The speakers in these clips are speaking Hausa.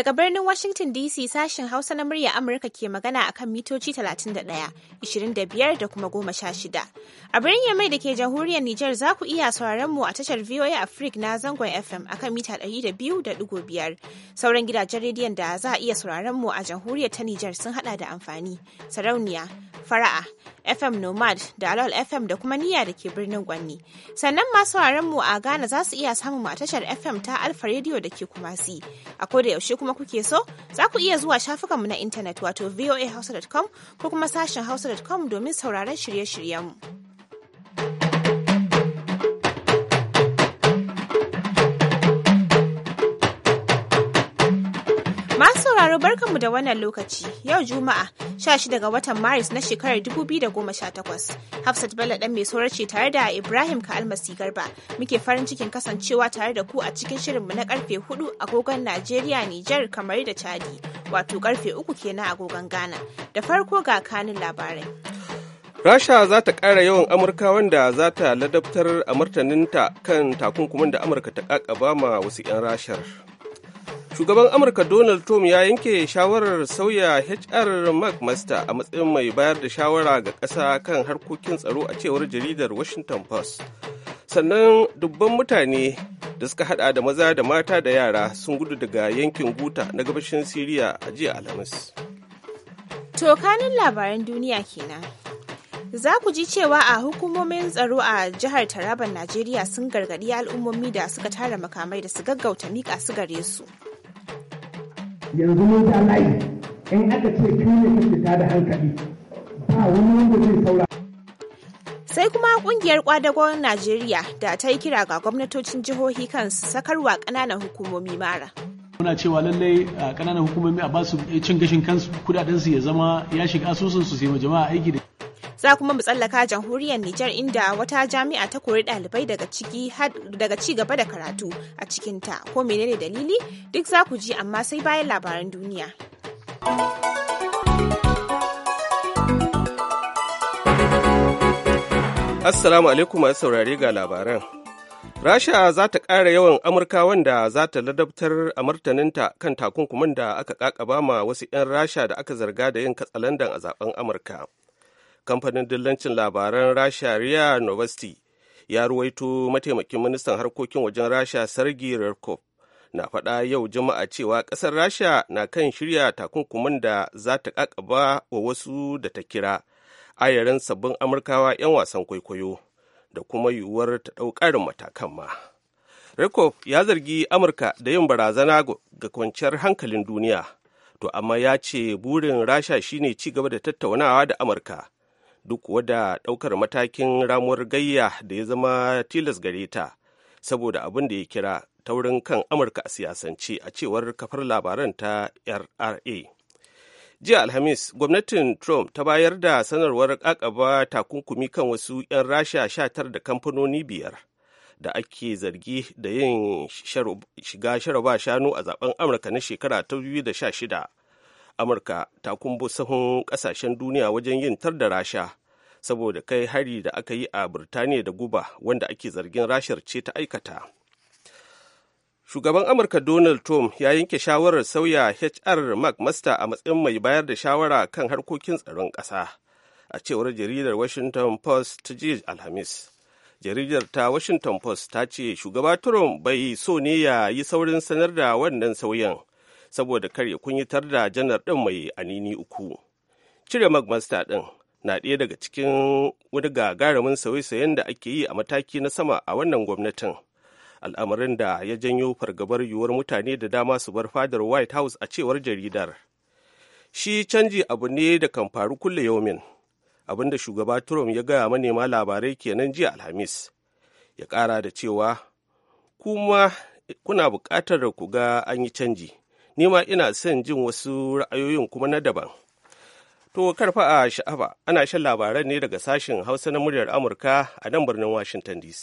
Daga birnin Washington DC sashen Hausa na murya Amurka ke magana akan mitoci 31, 25 da kuma 16. A birnin Yamai da ke jamhuriyar Nijar za ku iya sauraron mu a tashar VOA Africa na zangon FM akan mita 200.5. Sauran gidajen rediyon da za a iya sauraron mu a jamhuriyar ta Nijar sun hada da amfani, sarauniya, fara'a, FM Nomad da Alol FM da kuma Niyya da ke birnin Gwanni. Sannan masu sauraron mu a Ghana za su iya samun mu a tashar FM ta Alfa Radio da ke Kumasi. A da yaushe kuma kuma kuke so za ku iya zuwa shafukanmu na intanet wato voahausa.com ko kuma sashen hausa.com domin sauraron shirye-shiryenmu. Masu sauraro barkanmu da wannan lokaci yau Juma'a 16 ga watan Maris na shekarar 2018. Hafsat Bello dan mai ce tare da Ibrahim ka Almasi Garba muke farin cikin kasancewa tare da ku a cikin shirin mu na karfe 4 agogon Najeriya, Niger, kamar da Chadi, wato karfe 3 kenan agogon Ghana. Da farko ga kanin labarai. Rasha za ta ƙara yawan Amurka wanda za ta ladabtar a martaninta kan takunkumin da Amurka ta ƙaƙaba ma wasu 'yan rashar. Shugaban Amurka Donald Trump ya yanke shawarar sauya HR McMaster a matsayin mai bayar da shawara ga kasa kan harkokin tsaro a cewar jaridar Washington Post. Sannan dubban mutane da suka hada da maza da mata da yara sun gudu daga yankin Guta na gabashin Siriya a jiya Alhamis. Tokanin labaran duniya kenan. za ku ji cewa a hukumomin tsaro a jihar Taraban Najeriya sun gargaɗi al'ummomi da suka tara makamai da su gaggauta mika su gare su. yanzu mun ja layi in aka ce kai ne fita da hankali ba wani wanda zai saura sai kuma kungiyar kwadagon najeriya da ta yi kira ga gwamnatocin jihohi kan su sakarwa kananan hukumomi mara muna cewa lallai kananan hukumomi a basu cin gashin kansu kudaden ya zama ya shiga asusun su sai jama'a aiki da Za kuma mu tsallaka jamhuriyar Nijar inda wata jami'a ta kori ɗalibai daga ciki ci gaba da karatu a cikinta ko menene dalili duk za ku ji amma sai bayan labaran duniya. Assalamu alaikum masu saurare ga labaran. Rasha za ta ƙara yawan Amurka wanda za ta ladabtar a martaninta kan takunkumin da aka ƙaƙaba ma wasu 'yan Rasha da aka zarga da yin katsalandan a zaben Amurka. kamfanin dillancin labaran rasha riya novosti ya ruwaito mataimakin ministan harkokin wajen rasha sargi rarkov na faɗa yau juma'a cewa ƙasar rasha na kan shirya takunkuman da za ta ƙaƙaba wa wasu da ta kira ayarin sabbin amurkawa 'yan wasan kwaikwayo da kuma yiwuwar ta ɗau matakan ma rekov ya zargi amurka da yin barazana ga kwanciyar hankalin duniya to amma ya ce burin rasha shine ci gaba da tattaunawa da amurka duk wada ɗaukar matakin ramuwar gayya da ya zama tilas gare ta saboda abin da ya kira taurin kan amurka a siyasance a cewar kafar labaran ta rra jiya alhamis gwamnatin trump ta bayar da sanarwar kakaba takunkumi kan wasu 'yan rasha shatar da kamfanoni biyar da ake zargi da yin shiga sharaba shanu a zaben amurka na shekara ta 2016 amurka ta kumbu sahun ƙasashen duniya wajen yin tar da rasha saboda kai hari da aka yi a birtaniya da guba wanda ake zargin rashar ce ta aikata shugaban amurka donald trump ya yanke shawarar sauya hr mcmaster a matsayin mai bayar da shawara kan harkokin tsaron ƙasa a cewar jaridar washington post ta jiya alhamis jaridar ta washington post ta ce shugaba trump bai so ne ya yi saurin sanar da wannan sauyin saboda kar ya kunyatar da janar ɗin mai anini uku cire magmasta ɗin na ɗaya daga cikin wani gagarumin sauye sayen da ake yi a mataki na sama a wannan gwamnatin al'amarin da ya janyo fargabar yiwuwar mutane da dama su bar fadar white house a cewar jaridar shi canji abu ne da kan faru kulle yaumin abinda shugaba trump ya gaya manema labarai kenan jiya alhamis ya ƙara da cewa kuma kuna buƙatar ku ga an yi canji ni ma ina son jin wasu ra'ayoyin kuma na daban to karfa a sha'aba ana shan labaran ne daga sashen hausa na muryar amurka a nan birnin washington dc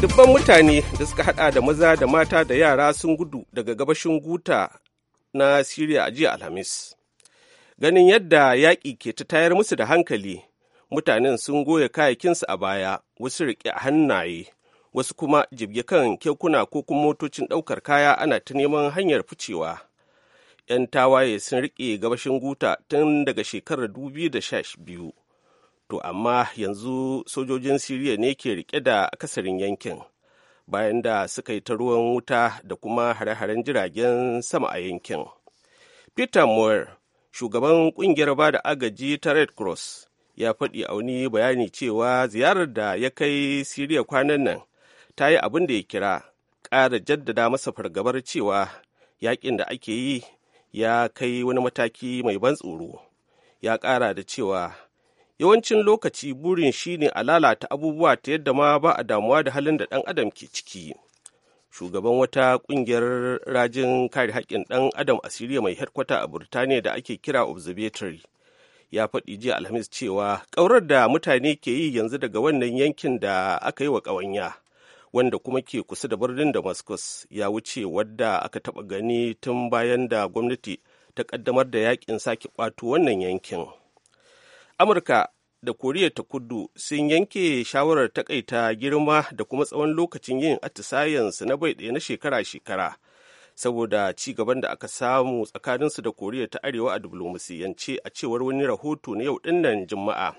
dubban mutane da suka hada da maza da mata da yara sun gudu daga gabashin guta na siriya a jiya alhamis ganin yadda yaƙi ke ta tayar musu da hankali mutanen sun goya kayakinsu a baya wasu riƙe hannaye wasu kuma jibge kan kekuna ko kuma motocin ɗaukar kaya ana ta neman hanyar ficewa 'yan tawaye sun riƙe gabashin guta tun daga shekarar biyu to amma yanzu sojojin siriya ne ke riƙe da akasarin yankin bayan da suka yi ta ruwan wuta da kuma hare-haren jiragen sama a yankin peter moore shugaban ƙungiyar ba da agaji ta red cross ya faɗi a wani bayani cewa ziyarar da ya kai siriya kwanan nan ta yi abin da ya kira ƙara jaddada masa fargabar cewa yaƙin da ake yi ya kai wani mataki mai ban tsoro ya ƙara da cewa yawancin lokaci burin shi ne a lalata abubuwa ta yadda ma ba a damuwa da halin da ɗan adam ke ciki shugaban wata ƙungiyar rajin kare haƙƙin ɗan adam a siriya mai hedkwata a burtaniya da ake kira observatory ya faɗi jiya alhamis cewa ƙaurar da mutane ke yi yanzu daga wannan yankin da aka yi wa ƙawanya wanda kuma ke kusa da birnin damascus ya wuce wadda aka taɓa gani tun bayan da gwamnati ta ƙaddamar da yakin sake ƙwato wannan yankin amurka da koriya ta kudu sun yanke shawarar taƙaita, girma da kuma tsawon lokacin yin atisayensu na bai ɗaya na shekara-shekara saboda ci gaban da aka samu tsakaninsu da koriya ta arewa a diplomasiyance a cewar wani rahoto na yau dinnan juma'a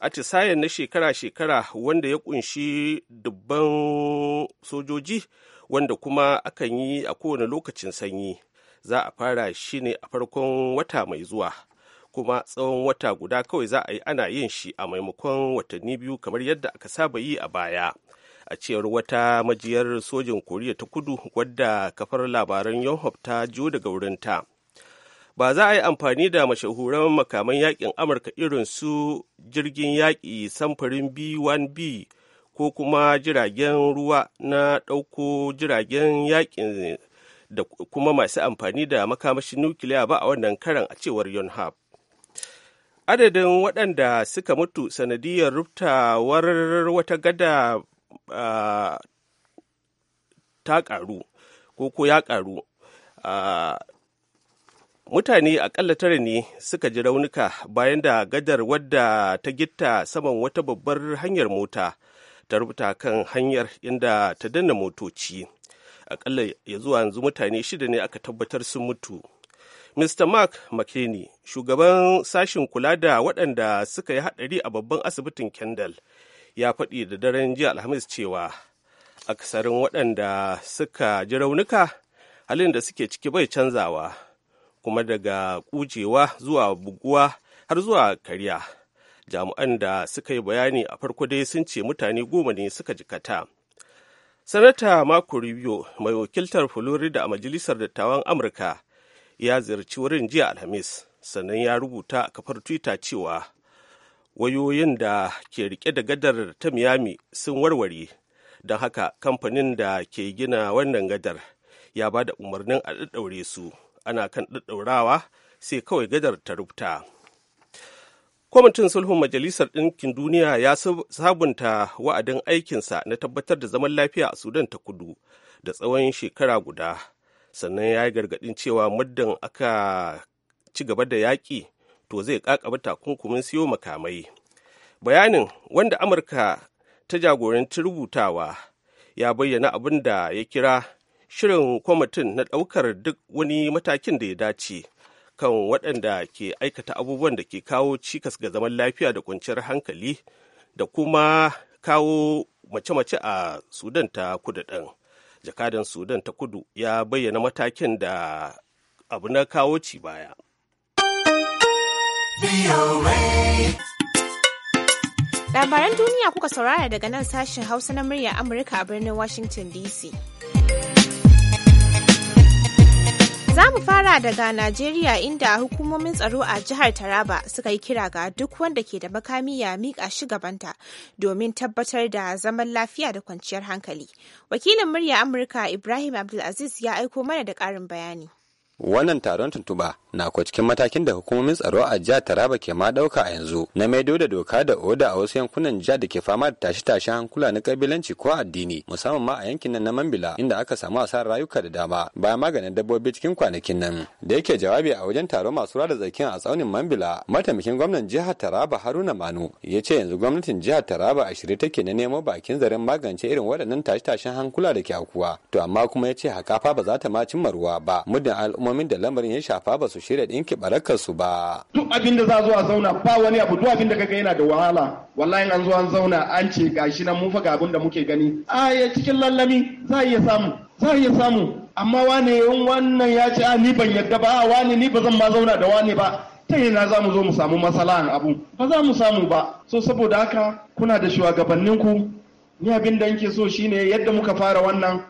atisayen na shekara-shekara wanda ya kunshi dubban sojoji wanda kuma akan yi a kowane lokacin sanyi za a fara shi ne a farkon wata mai zuwa kuma tsawon wata guda kawai za a yi ana yin shi a maimakon watanni biyu kamar yadda aka saba yi a baya a cewar wata majiyar sojin koriya ta kudu wadda kafar labaran yonhap ta jo daga wurinta ba za a yi amfani da mashahuran makaman yakin amurka irin su jirgin yaƙi samfurin b1b ko kuma jiragen ruwa na ɗauko jiragen yakin da kuma masu amfani da makamashin nukiliya ba a wannan karan a cewar yonhap adadin waɗanda suka mutu sanadiyar rubtawar wata gada ta karu ko ko ya ƙaru mutane akalla tara ne suka ji raunuka bayan da gadar wadda ta gitta saman wata babbar hanyar mota ta rubuta kan hanyar inda ta danna motoci akalla ya zuwa yanzu mutane shida ne aka tabbatar sun mutu mr mark mckinney shugaban sashin kula da waɗanda suka yi haɗari a babban asibitin kendall ya faɗi da daren jiya alhamis cewa aksarin waɗanda suka ji raunuka halin da suke ciki bai canzawa kuma daga ƙujewa zuwa buguwa har zuwa karya jami'an da suka yi bayani a farko dai sun ce mutane goma ne suka jikata sanata mako rubio mai wakiltar florida a majalisar dattawan amurka ya ziyarci wurin jiya alhamis sannan ya rubuta a kafar twitter cewa wayoyin da ke rike da gadar ta miami sun warware don haka kamfanin da ke gina wannan gadar ya ba da umarnin a ɗaɗɗaure su ana kan ɗaɗɗaurawa sai kawai gadar ta rubuta kwamitin sulhun majalisar ɗinkin duniya ya sabunta wa'adin aikinsa na tabbatar da zaman lafiya a sudan ta kudu da tsawon shekara guda sannan ya yi gargaɗin cewa muddin aka ci gaba da yaƙi to zai kakaba takunkumin siyo makamai bayanin wanda amurka ta jagoranci rubutawa ya bayyana abin da ya kira shirin kwamitin na ɗaukar duk wani matakin da ya dace kan waɗanda ke aikata abubuwan da ke kawo cikas ga zaman lafiya da kwanciyar hankali da kuma kawo mace-mace a sudan ta kudu ɗin jakadan sudan ta kudu ya bayyana matakin da abu na kawo ci baya Labaran duniya kuka saurara daga nan sashen Hausa na murya Amurka a birnin Washington DC. Za mu fara daga Najeriya inda hukumomin tsaro a jihar Taraba suka yi kira ga duk wanda ke da makami ya miƙa shi gabanta domin tabbatar da zaman lafiya da kwanciyar hankali. Wakilin murya Amurka Ibrahim Abdulaziz ya aiko mana da ƙarin bayani. wannan taron tuntuɓa na ko cikin matakin da hukumomin tsaro a jihar Taraba ke ma dauka a yanzu na maido da doka da oda a wasu yankunan jihar da ke fama da tashi-tashi hankula na kabilanci ko addini musamman ma a yankin nan na Mambila inda aka samu asarar rayuka da dama bayan maganin dabbobi cikin kwanakin nan da yake jawabi a wajen taron masu rada zakin a tsaunin Mambila mataimakin gwamnan jihar Taraba Haruna Manu ya ce yanzu gwamnatin jihar Taraba a shirye take na nemo bakin zaren magance irin waɗannan tashi-tashin hankula da ke akuwa to amma kuma ya ce hakafa ba za ta ma cimma ruwa ba muddin al'umma hukumomin da lamarin ya shafa ba su shirya ɗinki barakar su ba. Duk abin da za zo a zauna ba wani abu duk abin da kaga yana da wahala wallahi an zo an zauna an ce gashi nan mun faga abin da muke gani. A ya cikin lallami za iya samu za iya samu amma wane yin wannan ya ce a ni ban yadda ba a wane ni ba zan ma zauna da wane ba ta yana za mu zo mu samu masala'an abu ba za mu samu ba so saboda haka kuna da shugabanninku ni abin da nke so shine yadda muka fara wannan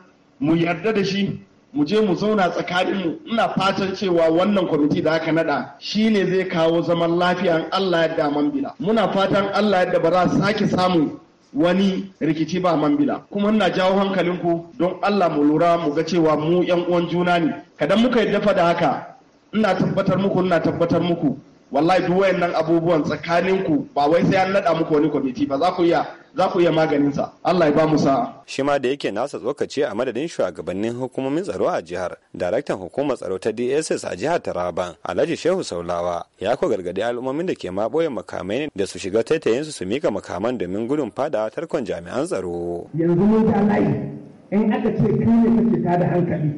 mu yarda da shi mu je mu zauna tsakaninmu ina fatan cewa wannan kwamiti da aka nada shi ne zai kawo zaman lafiya Allah yadda man bila muna fatan Allah yadda ba za sake samu wani rikici ba man bila kuma ina jawo hankalinku don Allah mu lura mu ga cewa mu yan uwan juna ne kadan muka yadda fa da haka ina tabbatar muku ina tabbatar muku wallahi duk wayannan abubuwan tsakaninku ba wai sai an nada muku wani kwamiti ba za ku iya za ku iya maganinsa Allah ya ba mu sa'a. Shi ma da yake nasa tsokaci a madadin shugabannin hukumomin tsaro a jihar, daraktan hukumar tsaro ta DSS a jihar Taraba, Alhaji Shehu Saulawa, ya ko gargadi al'ummomin da ke maboye makamai da su shiga taitayinsu su su mika makaman domin gudun fada tarkon jami'an tsaro. Yanzu mun ta layi, in aka ce kai ne kake da hankali,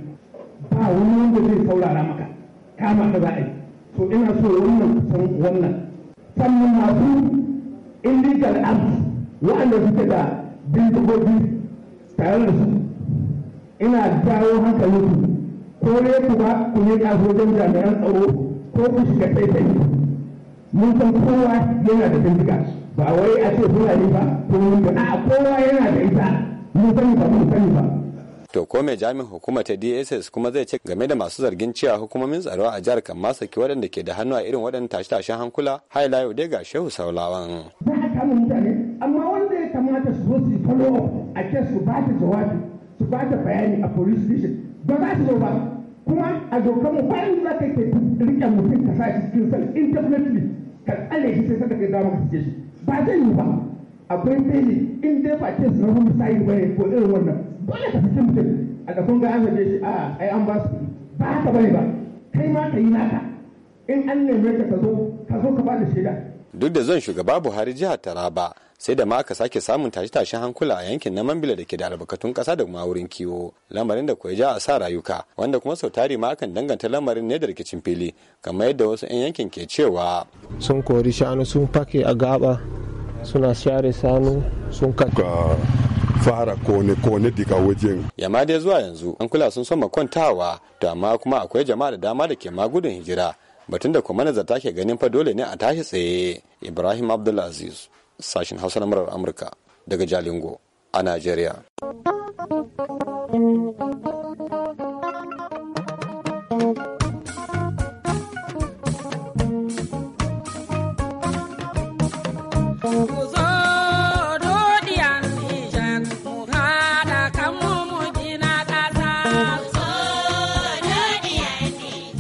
ba wani wanda zai saurara maka, kama ka za a yi. To ina so wannan kusan wannan. Sannan masu illegal arms waɗanda suke da bindigogi tare da su ina dawo hankalinku ko ne ku ba ku ne don jami'an tsaro ko ku shiga taitai mun san kowa yana da bindiga ba wai a ce yi ba ko mun ba a kowa yana da ita mun sani ba mun sani ba to ko mai jami'in hukumar ta dss kuma zai ce game da masu zargin cewa hukumomin tsaro a jihar kan masaki waɗanda ke da hannu a irin waɗannan tashe-tashen hankula haila yau dai ga shehu saulawan rowa a ke su ba ta jawabi su ba ta bayani a police station ba za su zo ba kuma a dokar mu bayan za ka ke rike mutum ka sa shi cikin sal indefinitely ka tsale shi sai saka kai dama ka shi ba zai yi ba akwai daily in dai ba ke su rahu misali ne ko irin wannan dole ka fi mutum a da ga an zaje shi a ai an ba su ba ka bane ba kai ma ka yi naka in an neme ka ka zo ka ba da shaida duk da zan shugaba Buhari jihar Taraba sai da ma aka sake samun tashe-tashen hankula a yankin na mambila da ke da albarkatun kasa da kuma wurin kiwo lamarin da kuwa ja a sa rayuka wanda kuma sau tari ma akan danganta lamarin ne da rikicin fili kamar yadda wasu 'yan yankin ke cewa sun kori shanu sun fake a gaba suna share shanu sun kaka fara kone-kone daga wajen. Yamma dai zuwa yanzu an kula sun soma kwantawa to amma kuma akwai jama'a da dama da ke magudun hijira batun da kuma nazarta ke ganin fa dole ne a tashi tsaye. Ibrahim Abdulaziz sashen hausa na murar amurka daga jalingo a najeriya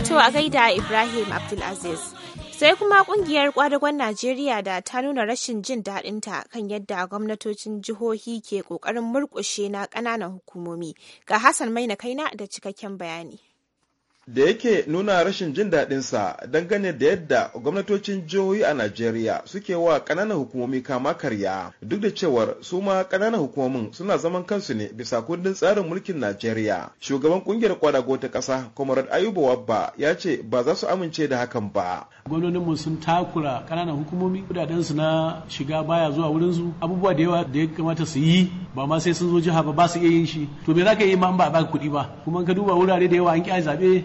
To a gaida Ibrahim Abdulaziz. sai kuma kungiyar kwadagon najeriya da ta nuna rashin jin daɗinta kan yadda gwamnatocin jihohi ke ƙoƙarin murƙushe na ƙananan hukumomi ga hassan maina kaina da cikakken bayani da yake nuna rashin jin daɗinsa dangane da yadda gwamnatocin jihohi a Najeriya suke wa ƙananan hukumomi kama karya duk da cewar su ma ƙananan hukumomin suna zaman kansu ne bisa kundin tsarin mulkin Najeriya. Shugaban ƙungiyar kwadago ta ƙasa Comrade Ayuba Wabba ya ce ba za su amince da hakan ba. Gwamnoninmu sun takura ƙananan hukumomi kudadensu na shiga baya zuwa wurin su abubuwa da yawa da ya kamata su yi ba ma sai sun zo jiha ba ba su iya yin shi to me za ka yi ma ba ba kuɗi ba kuma ka duba wurare da yawa an ƙi a zaɓe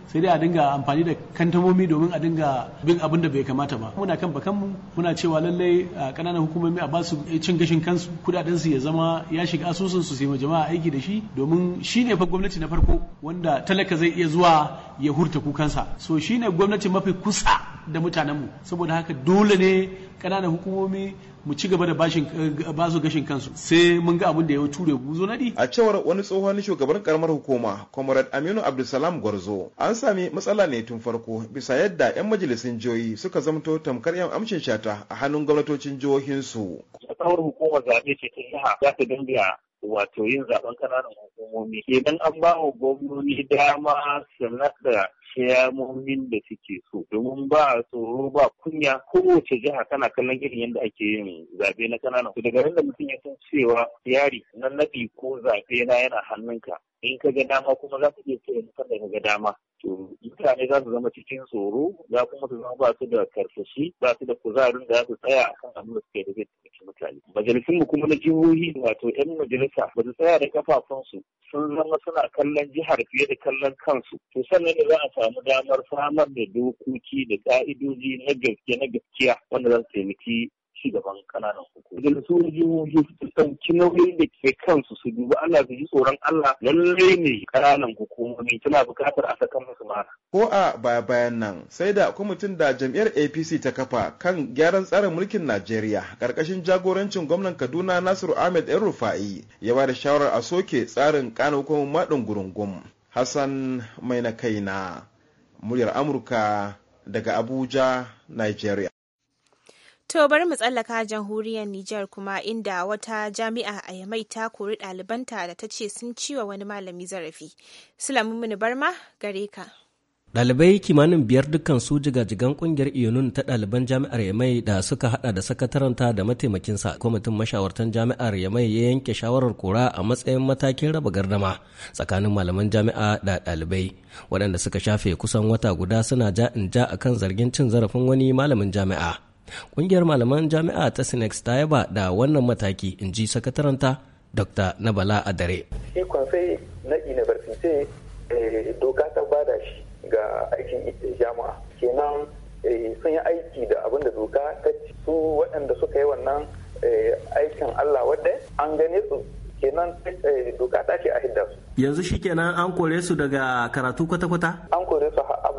sai dai a dinga amfani da kantamomi domin a dinga bin abin da bai kamata ba muna kan bakan mu muna cewa lallai kananan hukumomi a basu cin gashin kansu kudaden su ya zama ya shiga asusun su sai ma jama'a aiki da shi domin shine fa gwamnati na farko wanda talaka zai iya zuwa ya hurta kukansa so shine gwamnati mafi kusa da mutanen mu saboda haka dole ne kananan hukumomi mu ci gaba da eh, ba su gashin kansu sai mun ga abin da ya ture buzo nadi a cewar wani tsohon shugaban karamar hukuma comrade aminu abdulsalam gwarzo an sami matsala ne tun farko bisa yadda 'yan majalisun jihohi suka zamto tamkar 'yan amshin shata a hannun gwamnatocin jihohinsu. Tsawar hukumar zaɓe ce ta jiha za ta dinga wato yin zaɓen ƙananan hukumomi. Idan an ba wa gwamnoni dama su naɗa shayamomin da suke so domin ba tsoro ba kunya kowace jiha tana kallon irin yadda ake yin zaɓe na ƙananan to daga da mutum ya san cewa yari na naɗi ko zaɓe na yana hannunka in ka ga dama kuma za ka iya ce in ka ga dama mutane za su zama cikin tsoro za kuma su zama ba su da karsashi ba su da kuzarin da za su tsaya a kan abin da suke da zai mutane majalisun mu kuma na jihohi wato yan majalisa ba su tsaya da kafafunsu sun zama suna kallon jihar fiye da kallon kansu to sannan ne za a samu damar samar da dokoki da ka'idoji na gaske na gaskiya wanda za su taimaki ci gaban kananan hukumomi. Idan su jihohi su ɗauki nauyin da ke kansu su dubi Allah su ji tsoron Allah Lalle ne kananan hukumomi tana buƙatar a saka musu mara. Ko a baya bayan nan sai da kwamitin da jam'iyyar APC ta kafa kan gyaran tsarin mulkin Najeriya ƙarƙashin jagorancin gwamnan Kaduna Nasiru Ahmed ‘yan Rufa'i ya ba da shawarar a soke tsarin ƙana hukumomin maɗin gurungum. Hassan mai na kaina muryar Amurka daga Abuja, Nigeria. To bari mu tsallaka jamhuriyar Nijar kuma inda wata jami'a a Yamai ta kori ɗalibanta da ta ce sun ciwa wani malami zarafi. Sulamun mini barma gare ka. Ɗalibai kimanin biyar dukkan su jigajigan kungiyar Iyonun ta ɗaliban jami'ar Yamai da suka hada da sakataranta da mataimakinsa kwamitin mashawartan jami'ar Yamai ya yanke shawarar kora a matsayin matakin raba gardama tsakanin malaman jami'a da ɗalibai waɗanda suka shafe kusan wata guda suna ja in ja akan zargin cin zarafin wani malamin jami'a. Ƙungiyar malaman jami'a ta Sinex ta yaba da wannan mataki in ji sakataranta Dr. Nabala Adare. Shi kwansai na university eh, doka ta bada shi ga aikin jama'a. Kenan eh, sun yi aiki da abin da doka ta ci su waɗanda suka yi wannan eh, aikin Allah wadda an gane su kenan doka ta ce a hidda su. Yanzu shi kenan an kore su daga karatu kwata-kwata? An kore su a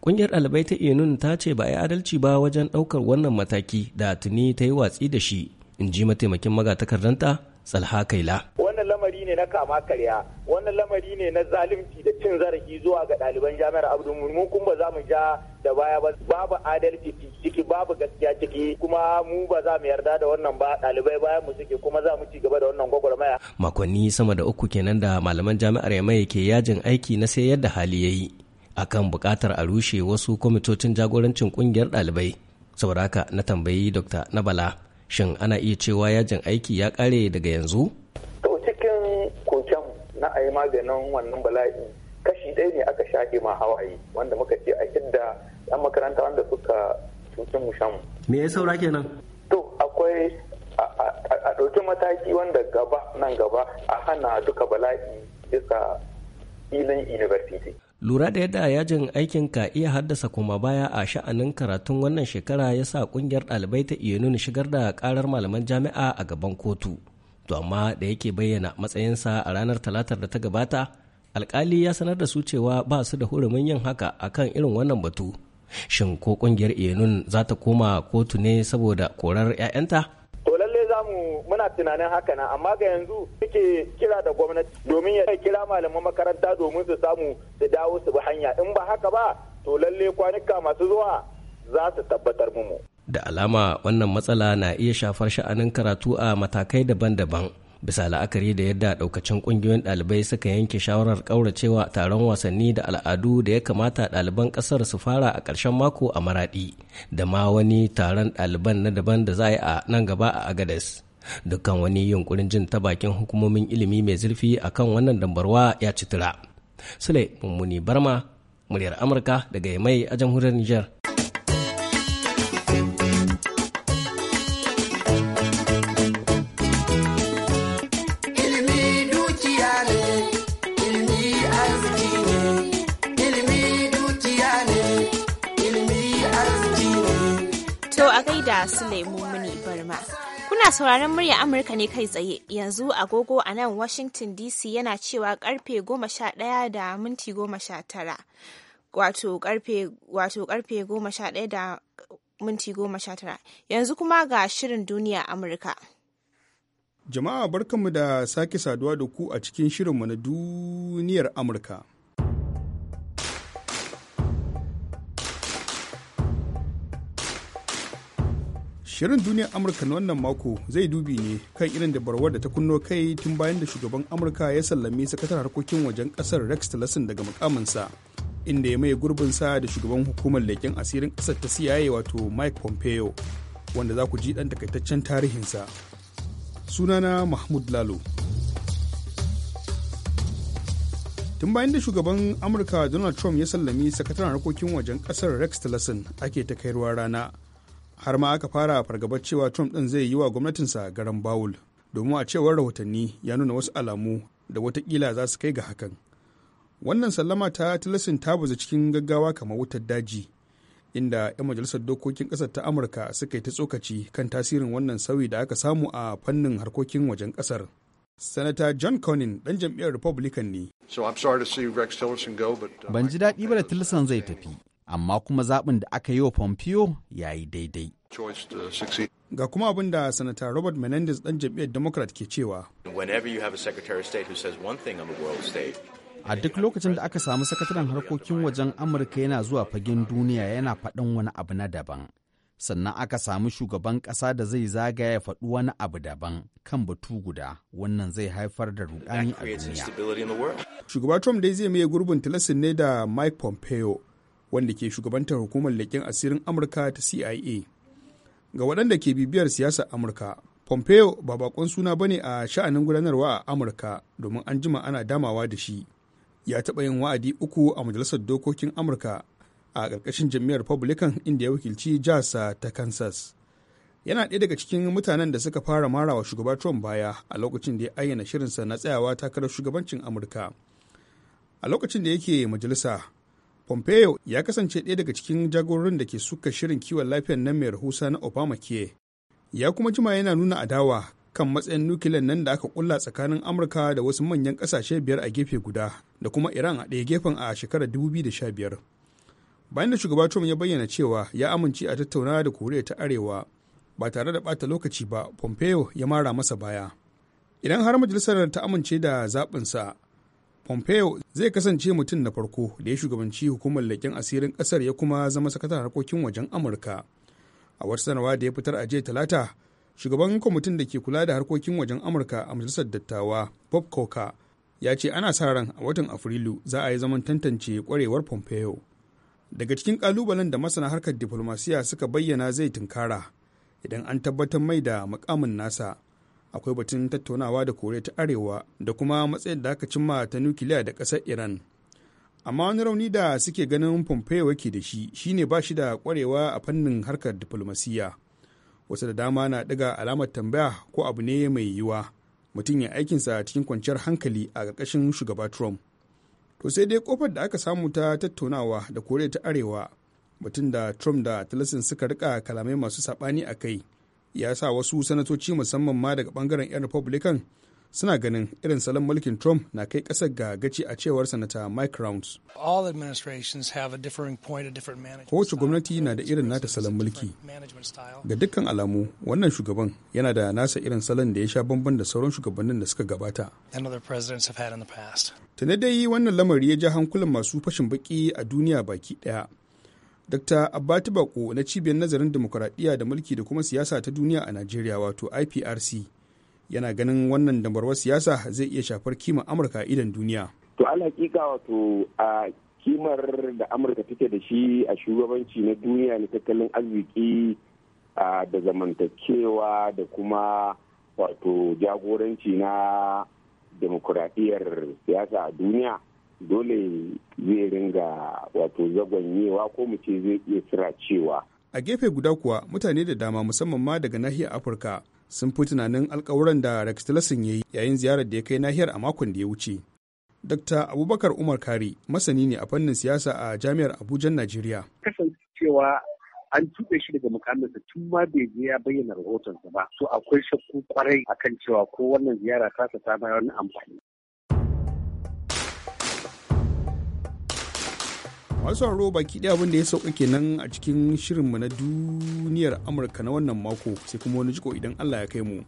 kungiyar ɗalibai ta inun ta ce ba a yi adalci ba wajen ɗaukar wannan mataki da tuni ta yi watsi da shi, in ji mataimakin magatakardanta Tsalha Kaila. Wannan lamari ne na kama karya, wannan lamari ne na zalunci da cin zarafi zuwa ga ɗaliban jami'ar Abdul mun kun ba za mu ja da baya ba babu adalci ciki babu gaskiya ciki kuma mu ba za mu yarda da wannan ba ɗalibai bayan mu suke kuma za mu ci gaba da wannan gwagwarmaya. Makonni sama da uku kenan da malaman jami'ar Yamai ke yajin aiki na sai yadda hali ya yi. akan buƙatar a rushe wasu kwamitocin jagorancin ƙungiyar ɗalibai saboda haka na tambayi dr nabala shin ana iya cewa yajin aiki ya ƙare daga yanzu to cikin koken na a yi maganin wannan bala'in kashi ɗaya ne aka shaƙe ma hawaye wanda muka ce a hidda yan makaranta wanda suka cuci mushamu me ya saura kenan to akwai a ɗauki mataki wanda gaba nan gaba a hana duka bala'i bisa ilin university lura da yadda yajin aikin ka iya haddasa kuma baya a sha'anin karatun wannan shekara ya sa kungiyar ɗalibai ta nuna shigar da karar malaman jami'a a gaban kotu to amma da yake bayyana matsayinsa a ranar talatar da ta gabata alkali ya sanar da su cewa ba su da hurumin yin haka akan irin wannan batu shin ko kungiyar enun za ta koma kotu ne saboda korar 'ya'yanta samu muna tunanin haka nan amma ga yanzu suke kira da gwamnati domin ya kira malaman makaranta domin su samu su dawo su bi hanya in ba haka ba to lalle kwanuka masu zuwa za su tabbatar mu da alama wannan matsala na iya shafar sha'anin karatu a matakai daban-daban bisa la'akari da yadda daukacin kungiyoyin ɗalibai suka yanke shawarar ƙauracewa taron wasanni da al'adu da ya kamata ɗaliban ƙasar su fara a ƙarshen mako a maraɗi da ma wani taron ɗaliban na daban da za a yi a nan gaba a agades dukkan wani yunkurin jin ta bakin hukumomin ilimi mai zurfi akan wannan dambarwa ya ci tura sule mummuni barma muryar amurka daga mai a jamhuriyar niger Sulaimu Muni Barma. Kuna sauraron murya Amurka ne kai tsaye yanzu agogo a nan Washington DC yana cewa karfe 11 da minti tara wato karfe goma sha 11 da minti tara. yanzu kuma ga shirin duniya Amurka. Jama'a barkanmu da sake saduwa da ku a cikin shirinmu na duniyar Amurka. Shirin duniyar Amurka na wannan mako zai dubi ne kan irin da barwar da ta kunno kai tun bayan da shugaban Amurka ya sallami sakatar harkokin wajen kasar Rex Tillerson daga mukaminsa inda ya gurbin sa da shugaban hukumar leƙen asirin ƙasar ta CIA wato Mike Pompeo wanda za ku ji dan takaitaccen tarihinsa. Sunana Mahmud Lalo. tun bayan da shugaban amurka donald trump ya sallami sakataren harkokin wajen ƙasar rex tillerson ake ta kairuwa rana har ma aka fara fargabar cewa trump ɗin zai yi wa gwamnatinsa garan bawul domin a cewar rahotanni ya nuna wasu alamu da watakila za su kai ga hakan wannan sallama ta tilasin ta bazu cikin gaggawa kamar wutar daji inda 'yan majalisar dokokin ƙasar ta amurka suka yi ta tsokaci kan tasirin wannan sauyi da aka samu a fannin harkokin wajen ƙasar sanata john Cornyn, dan jam'iyyar republican ne uh, ban ji daɗi ba da tillerson zai tafi amma kuma zaɓin da aka yi wa Pompeo ya yi daidai. Ga kuma abin da Sanata Robert Menendez ɗan jam'iyyar Democrat ke cewa. A duk lokacin da aka samu sakataren harkokin wajen Amurka yana zuwa fagen duniya yana faɗin wani abu na daban. Sannan aka samu shugaban ƙasa da zai zagaya ya faɗi wani abu daban kan batu guda wannan zai haifar da rudani a duniya. Shugaba Trump dai zai maye gurbin tilasin ne da Mike Pompeo wanda ke shugabantar hukumar leƙen asirin amurka ta cia ga waɗanda ke bibiyar siyasar amurka pompeo ba bakon suna ba ne a sha'anin gudanarwa a amurka domin an jima ana damawa da shi ya taɓa yin wa'adi uku a majalisar dokokin amurka a ƙarƙashin jami'ar republican inda ya wakilci jasa ta kansas yana ɗaya daga cikin mutanen da suka fara mara wa shugaba trump baya a lokacin da ya ayyana shirinsa na tsayawa takarar shugabancin amurka a lokacin da yake majalisa Pompeo ya kasance ɗaya daga cikin jagororin da ke suka shirin kiwon lafiyar nan mai rahusa na obama Obamacare. Ya kuma jima yana nuna adawa kan matsayin nukiliyan nan da aka kulla tsakanin Amurka da wasu manyan ƙasashe biyar a gefe guda da kuma Iran a ɗaya gefen a shekarar 2015. Bayan da shugaba Trump ya bayyana cewa ya amince a tattauna da Koriya ta Arewa ba tare da ɓata lokaci ba, Pompeo ya mara masa baya. Idan har majalisar ta amince da zaɓinsa, Pompeo zai kasance mutum na farko da ya shugabanci hukumar leƙen asirin ƙasar ya kuma zama sakataren harkokin wajen Amurka. A wata sanarwa da ya fitar a jiya Talata, shugaban kwamitin da ke kula da harkokin wajen Amurka a Majalisar Dattawa, Bob Coker, ya ce ana sa ran a watan Afrilu za a yi zaman tantance kwarewar Pompeo. Daga cikin ƙalubalen da masana harkar diflomasiya suka bayyana zai tunkara idan an tabbatar mai da mukamin nasa. akwai batun tattaunawa da kore ta arewa da kuma matsayin da aka cimma ta nukiliya da ƙasar iran amma wani rauni da suke ganin pompeo yake da shi shine ba shi da kwarewa a fannin harkar diflomasiyya wasu da dama na daga alamar tambaya ko abu ne mai yiwuwa mutum ya aikinsa cikin kwanciyar hankali a ƙarƙashin shugaba trump to sai dai kofar da aka samu ta tattaunawa da kore ta arewa batun da trump da talasin suka rika kalamai masu saɓani a kai ya sa wasu sanatoci musamman ma daga bangaren 'yan republican suna ganin irin salon mulkin Trump na kai ƙasar ga gaci a cewar Sanata Mike Rounds. Kowace gwamnati na da irin nata salon mulki. Ga dukkan alamu, wannan shugaban yana da nasa irin salon da ya sha bamban da sauran shugabannin da suka gabata. Tana dai wannan lamari ya ja hankulan masu fashin baki a duniya baki ɗaya. Dr. abbat Bako na cibiyar nazarin demokuraɗiyya da mulki da kuma siyasa ta duniya a Najeriya wato IPRC yana ganin wannan dambarwar siyasa zai iya shafar kima Amurka idan duniya. To alhaƙiƙa wato a kimar da Amurka take da shi a shugabanci na duniya na tattalin arziki da zamantakewa da kuma wato jagoranci na demokuraɗiyyar siyasa a duniya. dole zai ringa wato zagonyewa ko mu ce zai iya sira cewa a gefe guda kuwa mutane da dama musamman ma daga nahiyar afirka sun fi tunanin alkawuran da rex tillerson ya yi yayin ziyarar da ya kai nahiyar a makon da ya wuce dr abubakar umar kari masani ne a fannin siyasa a jami'ar abuja najeriya kasancewa an tuɓe shi daga mukaminsa tun ma bai je ya bayyana rahotonsa ba to akwai shakku kwarai akan cewa ko wannan ziyara ta ta ma wani amfani masu sauraro baki ɗaya abin da ya sauka kenan a cikin shirin mu na duniyar amurka na wannan mako sai kuma wani jiko idan allah ya kai mu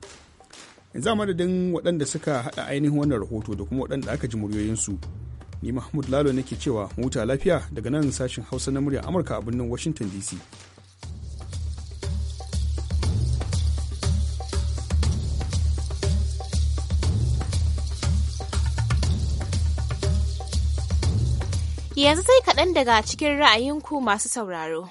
yanzu a madadin waɗanda suka haɗa ainihin wannan rahoto da kuma waɗanda aka ji muryoyinsu ni mahmud lalo nake cewa huta lafiya daga nan sashin hausa na murya amurka a birnin washington dc Yanzu sai kaɗan daga cikin ra'ayinku masu sauraro.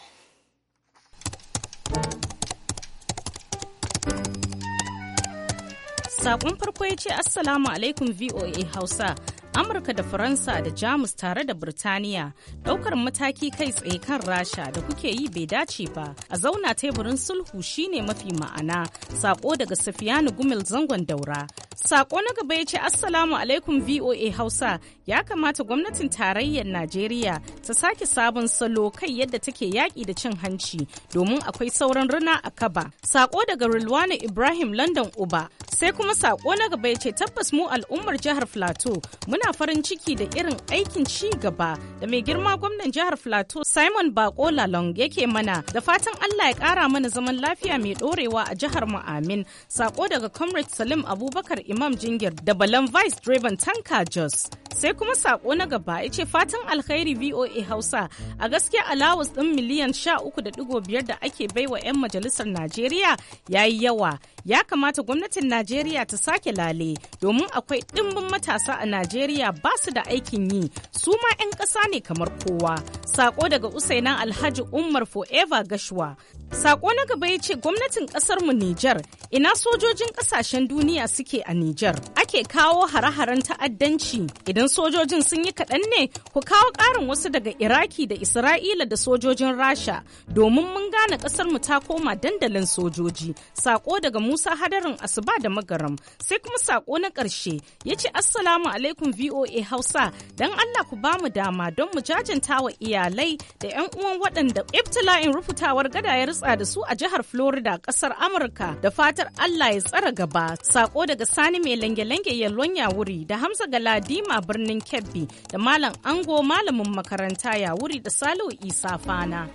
Saƙon farko ya ce Assalamu alaikum VOA Hausa. amurka da faransa da jamus tare da birtaniya daukar mataki kai tsaye kan rasha da kuke yi bai dace ba a zauna teburin sulhu shine mafi ma'ana sako daga safiyanu gumil zangon daura sako na gaba ya ce assalamu alaikum voa hausa ya kamata gwamnatin tarayyar najeriya ta sake sabon salo kai yadda take yaƙi da cin hanci domin akwai sauran rina a kaba sako daga rilwani ibrahim london uba sai kuma sako na gaba ya ce tabbas mu al'ummar jihar Filato muna farin ciki da irin aikin ci gaba da mai girma gwamnan jihar Filato Simon Bako Lalong yake mana da fatan Allah ya kara mana zaman lafiya mai dorewa a jihar mu amin sako daga Comrade Salim Abubakar Imam Jingir da Balan Vice Driven Tanka Jos. sai kuma sako na gaba ya ce fatan alkhairi voa hausa a gaskiya alawas din miliyan sha uku da digo biyar da ake baiwa 'yan majalisar najeriya ya yi yawa ya kamata gwamnatin najeriya ta sake lale domin akwai dimbin matasa a najeriya ba su da aikin yi su ma 'yan ƙasa ne kamar kowa sako daga usainan alhaji umar forever gashuwa Sako na gaba ya ce gwamnatin ƙasarmu Nijar ina sojojin ƙasashen duniya suke a Nijar. ake kawo hare-haren ta'addanci idan sojojin sun yi kaɗan ne ku kawo ƙarin wasu daga iraki da isra'ila da sojojin rasha domin mun gane ƙasar mu ta koma dandalin sojoji sako daga musa hadarin asuba da magaram sai kuma sako na ƙarshe ya ce assalamu alaikum voa hausa don allah ku bamu dama don mu jajanta wa iyalai da 'yan uwan waɗanda ibtila'in rufutawar gada ya rutsa da su a jihar florida ƙasar amurka da fatar allah ya tsara gaba sako daga sani mai lange Lange Yawuri da Hamza Galadima birnin Kebbi da Malam Ango malamin makaranta Yawuri da Salihu Isa Fana.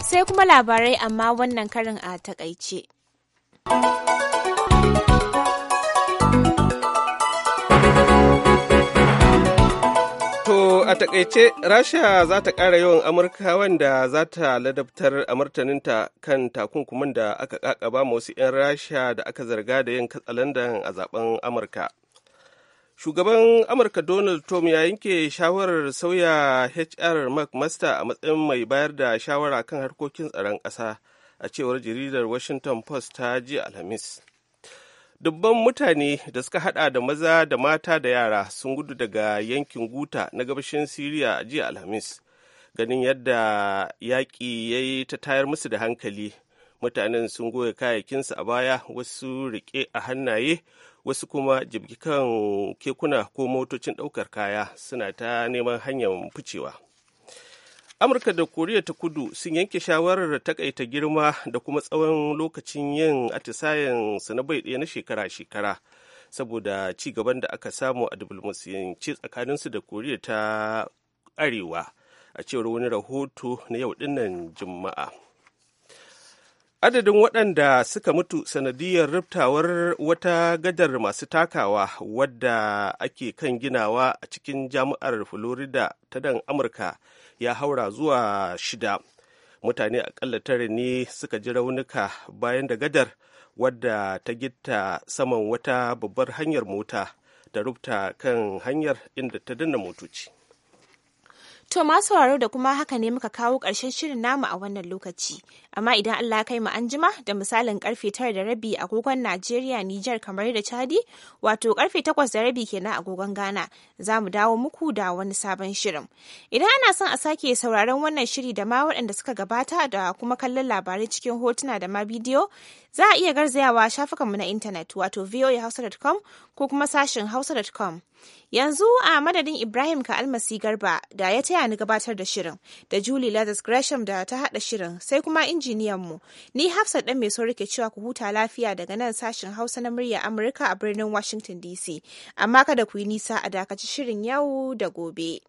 Sai kuma labarai amma wannan karin a takaice. a takaice Rasha za ta kara yawan Amurka wanda za ta ladabtar a martaninta kan takunkumin da aka kakaba wasu 'yan Rasha da aka zarga da yin katsalandan a zaben Amurka. Shugaban Amurka Donald Trump ya yanke shawarar sauya HR McMaster a matsayin mai bayar da shawara kan harkokin tsaron ƙasa a cewar jaridar Washington Post ta ji Alhamis. dubban mutane da suka hada da maza da mata da yara sun gudu daga yankin guta na gabashin siriya a jiya alhamis ganin yadda yaƙi ya yi ta tayar musu da hankali mutanen sun goya kayayyakinsu a baya wasu riƙe a hannaye wasu kuma jibgikan kekuna ko motocin ɗaukar kaya suna ta neman hanyar ficewa amurka da koriya ta kudu sun yanke shawarar takaita girma da kuma tsawon lokacin yin atisayen su na bai ɗaya na shekara-shekara saboda ci gaban da aka samu a diplomasiyance tsakaninsu da koriya ta arewa a cewar wani rahoto na yau dinnan juma'a adadin waɗanda suka mutu sanadiyar riftawar wata gadar masu takawa wadda ake kan ginawa a cikin jami'ar florida ta dan amurka ya haura zuwa shida mutane akalla tare ne suka ji raunuka bayan da gadar wadda ta gitta saman wata babbar hanyar mota da rubta kan hanyar inda ta danna motoci To masu sauraro da kuma haka ne muka kawo ƙarshen shirin namu a wannan lokaci. Amma idan Allah kai mu anjima da misalin karfe tara da rabi a agogon Najeriya, Nijar kamar da Chadi, wato karfe takwas da rabi kenan gogon Ghana, za mu dawo muku da wani sabon shirin. Idan ana son a sake sauraron wannan shiri da ma waɗanda suka gabata da kuma kallon labarai cikin hotuna da ma bidiyo, Za a iya garzayawa shafukanmu na intanet wato voahausa.com ko kuma sashen hausa.com. Yanzu a madadin Ibrahim ka almasi garba da ya taya ni gabatar da shirin da Julie Lathers Gresham da ta haɗa shirin sai kuma injiniyanmu. Ni Hafsat ɗan mai rike cewa ku huta lafiya daga nan sashin hausa na murya Amurka a birnin Washington DC. Amma kada ku yi nisa a dakaci shirin yau da gobe.